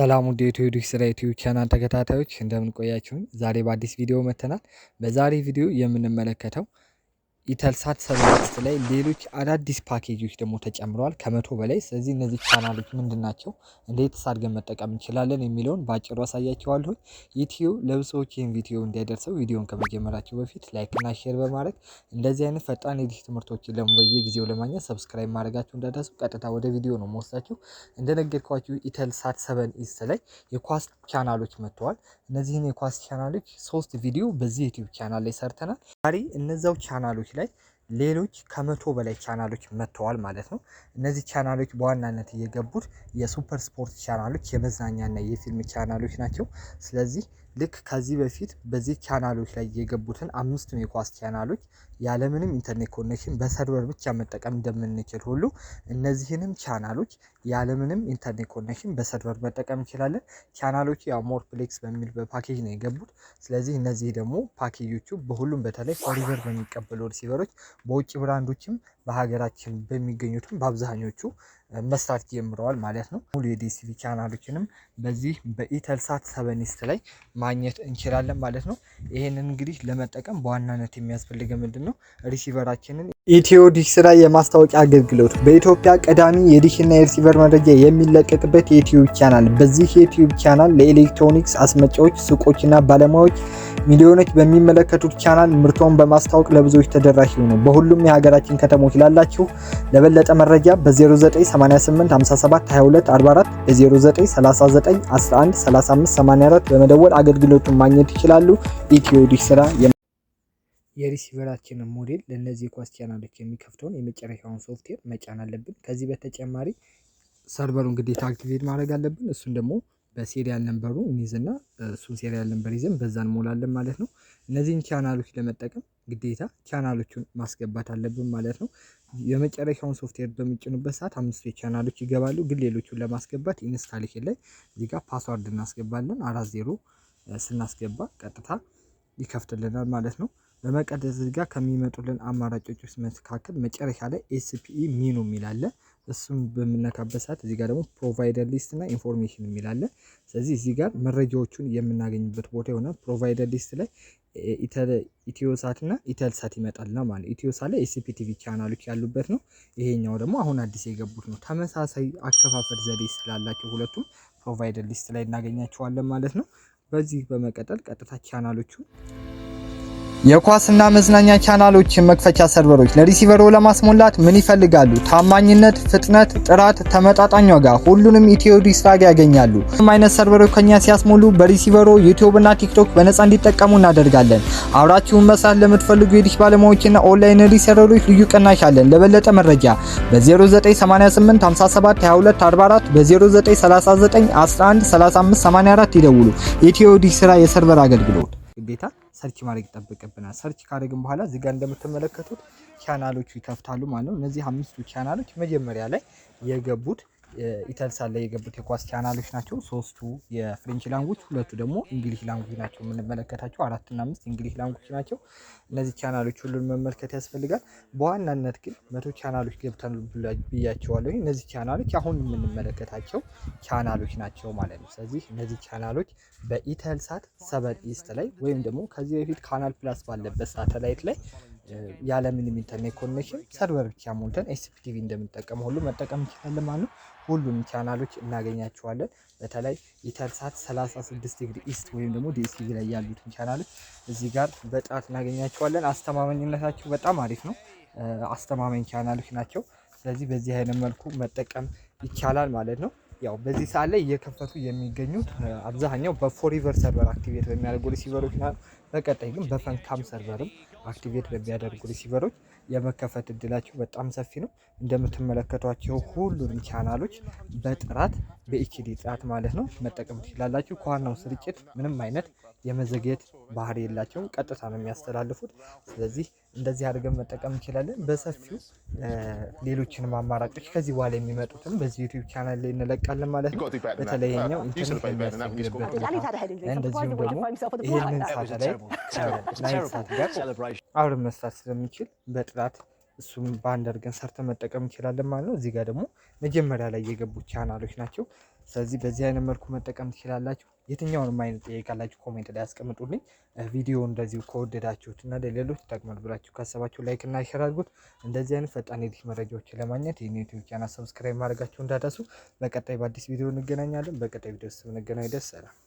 ሰላም ውድ የኢትዮ ዲሽ ስራ ዩቲዩብ ቻናል ተከታታዮች እንደምን ቆያችሁን? ዛሬ በአዲስ ቪዲዮ መጥተናል። በዛሬ ቪዲዮ የምንመለከተው ኢተልሳት ሰቨንስት ላይ ሌሎች አዳዲስ ፓኬጆች ደግሞ ተጨምረዋል ከመቶ በላይ። ስለዚህ እነዚህ ቻናሎች ምንድን ናቸው፣ እንዴትስ አድርገን መጠቀም እንችላለን የሚለውን በአጭሩ አሳያቸዋለሁ። ኢትዮ ለብሰዎች ይህን ቪዲዮ እንዲያደርሰው ቪዲዮን ከመጀመራቸው በፊት ላይክና ሼር በማድረግ እንደዚህ አይነት ፈጣን የዲሽ ትምህርቶችን ደግሞ በየጊዜው ለማግኘት ሰብስክራይብ ማድረጋቸው እንዳደረሱ። ቀጥታ ወደ ቪዲዮ ነው መወስዳችሁ። እንደነገርኳችሁ ኢተልሳት ሰቨን ኢስት ላይ የኳስ ቻናሎች መጥተዋል። እነዚህን የኳስ ቻናሎች ሶስት ቪዲዮ በዚህ ዩትዩብ ቻናል ላይ ሰርተናል። ዛሬ እነዛው ቻናሎች ላይ ሌሎች ከመቶ በላይ ቻናሎች መጥተዋል ማለት ነው። እነዚህ ቻናሎች በዋናነት የገቡት የሱፐር ስፖርት ቻናሎች የመዝናኛና የፊልም ቻናሎች ናቸው። ስለዚህ ልክ ከዚህ በፊት በዚህ ቻናሎች ላይ የገቡትን አምስት ሜኳስ ቻናሎች ያለምንም ኢንተርኔት ኮኔክሽን በሰርቨር ብቻ መጠቀም እንደምንችል ሁሉ እነዚህንም ቻናሎች ያለምንም ኢንተርኔት ኮኔክሽን በሰርቨር መጠቀም እንችላለን። ቻናሎቹ ያው ሞር ፕሌክስ በሚል በፓኬጅ ነው የገቡት። ስለዚህ እነዚህ ደግሞ ፓኬጆቹ በሁሉም በተለይ ኮሪደር በሚቀበሉ ሪሲቨሮች በውጭ ብራንዶችም በሀገራችን በሚገኙትም በአብዛኞቹ መስራት ጀምረዋል ማለት ነው። ሙሉ የዲስቲቪ ቻናሎችንም በዚህ በኢተልሳት ሰበኒስት ላይ ማግኘት እንችላለን ማለት ነው። ይህንን እንግዲህ ለመጠቀም በዋናነት የሚያስፈልገ ምንድን ነው? ሪሲቨራችንን ኢትዮ ዲሽ ላይ የማስታወቂያ አገልግሎት በኢትዮጵያ ቀዳሚ የዲሽና የሪሲቨር መረጃ የሚለቀቅበት የዩቲዩብ ቻናል። በዚህ የዩቲዩብ ቻናል ለኤሌክትሮኒክስ አስመጫዎች ሱቆችና ባለሙያዎች ሚሊዮኖች በሚመለከቱት ቻናል ምርቶን በማስታወቅ ለብዙዎች ተደራሽ ይሁኑ። በሁሉም የሀገራችን ከተሞች ላላችሁ ለበለጠ መረጃ በ0988572244 በ0939113584 በመደወል አገልግሎቱን ማግኘት ይችላሉ። ኢትዮ ዲሽ ስራ የሪሲቨራችን ሞዴል ለእነዚህ ኳስ ቻናሎች የሚከፍተውን የመጨረሻውን ሶፍትዌር መጫን አለብን። ከዚህ በተጨማሪ ሰርቨሩን ግዴታ አክቲቬት ማድረግ አለብን። እሱን ደግሞ በሴሪያል ነንበሩ እንይዝና እሱን ሴሪያል ነንበር ይዘን በዛ እንሞላለን ማለት ነው። እነዚህን ቻናሎች ለመጠቀም ግዴታ ቻናሎቹን ማስገባት አለብን ማለት ነው። የመጨረሻውን ሶፍትዌር በሚጭኑበት ሰዓት አምስቱ ቻናሎች ይገባሉ። ግን ሌሎቹን ለማስገባት ኢንስታሌሽን ላይ እዚህ ጋር ፓስዋርድ እናስገባለን። አራት ዜሮ ስናስገባ ቀጥታ ይከፍትልናል ማለት ነው። በመቀደስ እዚህ ጋር ከሚመጡልን አማራጮች ውስጥ መካከል መጨረሻ ላይ ኤስፒኢ ሚኑ የሚላለ እሱም በምነካበት ሰዓት እዚህ ጋር ደግሞ ፕሮቫይደር ሊስት እና ኢንፎርሜሽን የሚል አለ። ስለዚህ እዚህ ጋር መረጃዎቹን የምናገኝበት ቦታ ይሆናል። ፕሮቫይደር ሊስት ላይ ኢትዮሳት እና ኢተልሳት ይመጣልና ማለት ነው። ላይ ኤስፒቲቪ ቻናሎች ያሉበት ነው። ይሄኛው ደግሞ አሁን አዲስ የገቡት ነው። ተመሳሳይ አከፋፈል ዘዴ ስላላቸው ሁለቱም ፕሮቫይደር ሊስት ላይ እናገኛቸዋለን ማለት ነው። በዚህ በመቀጠል ቀጥታ ቻናሎቹ የኳስና መዝናኛ ቻናሎችን መክፈቻ ሰርቨሮች ለሪሲቨሩ ለማስሞላት ምን ይፈልጋሉ? ታማኝነት፣ ፍጥነት፣ ጥራት፣ ተመጣጣኝ ዋጋ፣ ሁሉንም ኢትዮ ዲሽ ያገኛሉ። ምንም አይነት ሰርቨሮች ከኛ ሲያስሞሉ በሪሲቨሩ ዩቲዩብና ቲክቶክ በነፃ እንዲጠቀሙ እናደርጋለን። አብራችሁን መስራት ለምትፈልጉ የዲሽ ባለሙያዎችና ኦንላይን ሪሲቨሮች ልዩ ቅናሽ አለን። ለበለጠ መረጃ በ0988 በ0939 ይደውሉ። ኢትዮ ዲሽ ስራ የሰርቨር አገልግሎት ሰርች ማድረግ ይጠበቅብናል። ሰርች ካደረግን በኋላ እዚህ ጋር እንደምትመለከቱት ቻናሎቹ ይከፍታሉ ማለት ነው። እነዚህ አምስቱ ቻናሎች መጀመሪያ ላይ የገቡት ኢተልሳ ላይ የገቡት የኳስ ቻናሎች ናቸው። ሶስቱ የፍሬንች ላንጉጅ፣ ሁለቱ ደግሞ እንግሊሽ ላንጉጅ ናቸው። የምንመለከታቸው አራትና አምስት እንግሊሽ ላንጉጅ ናቸው። እነዚህ ቻናሎች ሁሉን መመልከት ያስፈልጋል። በዋናነት ግን መቶ ቻናሎች ገብተን ብያቸዋለሁ። እነዚህ ቻናሎች አሁን የምንመለከታቸው ቻናሎች ናቸው ማለት ነው። ስለዚህ እነዚህ ቻናሎች በኢተልሳት ሰበን ኢስት ላይ ወይም ደግሞ ከዚህ በፊት ካናል ፕላስ ባለበት ሳተላይት ላይ ያለምንም ኢንተርኔት ኮኔክሽን ሰርቨር ብቻ ሞልተን ኤስፒቲቪ እንደምንጠቀመው ሁሉ መጠቀም እንችላለን ማለት ነው። ሁሉንም ቻናሎች እናገኛቸዋለን። በተለይ ኢተልሳት 36 ዲግሪ ኢስት ወይም ደግሞ ዲኤስቲቪ ላይ ያሉትን ቻናሎች እዚህ ጋር በጥራት እናገኛቸዋለን። አስተማማኝነታቸው በጣም አሪፍ ነው። አስተማማኝ ቻናሎች ናቸው። ስለዚህ በዚህ አይነት መልኩ መጠቀም ይቻላል ማለት ነው። ያው በዚህ ሰዓት ላይ እየከፈቱ የሚገኙት አብዛኛው በፎሪቨር ሰርቨር አክቲቬት በሚያደርጉ ሪሲቨሮች በቀጣይ ግን በፈንካም ሰርቨርም አክቲቬት በሚያደርጉ ሪሲቨሮች የመከፈት እድላቸው በጣም ሰፊ ነው። እንደምትመለከቷቸው ሁሉንም ቻናሎች በጥራት በኤችዲ ጥራት ማለት ነው መጠቀም ትችላላችሁ። ከዋናው ስርጭት ምንም አይነት የመዘግየት ባህሪ የላቸውም። ቀጥታ ነው የሚያስተላልፉት። ስለዚህ እንደዚህ አድርገን መጠቀም እንችላለን በሰፊው ሌሎችንም አማራጮች ከዚህ በኋላ የሚመጡትም በዚህ ዩቲዩብ ቻናል ላይ እንለቃለን ማለት ነው። በተለይኛው ኢንተርኔት የሚያስቸግርበት እንደዚሁም ደግሞ ይህንን ሳተላይት አብረ መስራት ስለሚችል በጥራት እሱም በአንድ አድርገን ሰርተን መጠቀም እንችላለን ማለት ነው። እዚህ ጋር ደግሞ መጀመሪያ ላይ የገቡት ቻናሎች ናቸው። ስለዚህ በዚህ አይነት መልኩ መጠቀም ትችላላችሁ። የትኛውንም አይነት ጠይቃላችሁ ኮሜንት ላይ ያስቀምጡልኝ። ቪዲዮ እንደዚሁ ከወደዳችሁት እና ለሌሎች ይጠቅማል ብላችሁ ካሰባችሁ ላይክ እና ሼር አድርጉት። እንደዚህ አይነት ፈጣን የዲሽ መረጃዎችን ለማግኘት ይህን ዩቲዩብ ቻናል ሰብስክራይብ ማድረጋችሁ እንዳደሱ። በቀጣይ በአዲስ ቪዲዮ እንገናኛለን። በቀጣይ ቪዲዮ ስብንገናኝ ደስ ሰላም